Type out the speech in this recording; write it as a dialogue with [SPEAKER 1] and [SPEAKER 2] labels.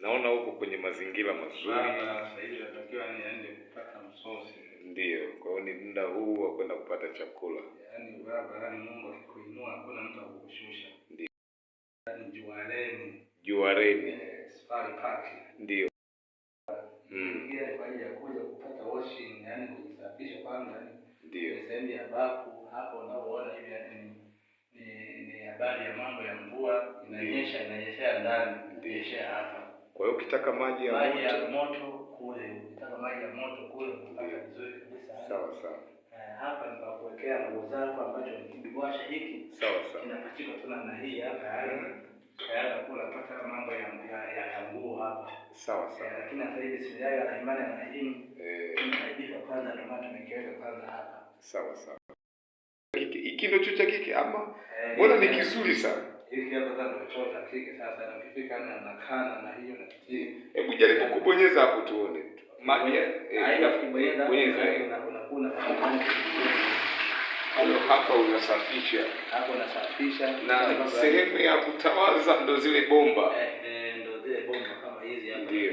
[SPEAKER 1] naona huko kwenye mazingira mazuri, ndio. Kwa hiyo ni muda huu wa kwenda kupata chakula, juareni, ndio
[SPEAKER 2] hmm. ndio habari ya mambo ya mvua inanyesha, inanyesha ndani, inanyesha hapa.
[SPEAKER 1] Kwa hiyo ukitaka maji ya moto, maji
[SPEAKER 2] ya moto kule, ukitaka maji ya moto kule kupata vizuri
[SPEAKER 1] kabisa. Sawa sawa.
[SPEAKER 2] Eh, hapa ni pa kuwekea nguo zako ambacho kibiwasha hiki. Sawa sawa. Kinapachika tu na hii hapa yani. Mm-hmm. Kayaga kula pata mambo ya ya ya nguo hapa.
[SPEAKER 1] Sawa sawa. Eh,
[SPEAKER 2] lakini hata hivi sijaga na imani eh. na hii. Eh. Tunaidika kwanza ndio maana tumekeweka kwanza hapa.
[SPEAKER 1] Sawa sawa kikindo chuo kike ama eh, mbona ni kizuri sana. Hebu jaribu kubonyeza hapo tuone hapa unasafisha
[SPEAKER 2] hapo, unasafisha
[SPEAKER 1] na sehemu ya kutawaza, ndo zile bomba eh,
[SPEAKER 2] eh ndo zile bomba kama hizi
[SPEAKER 1] ndio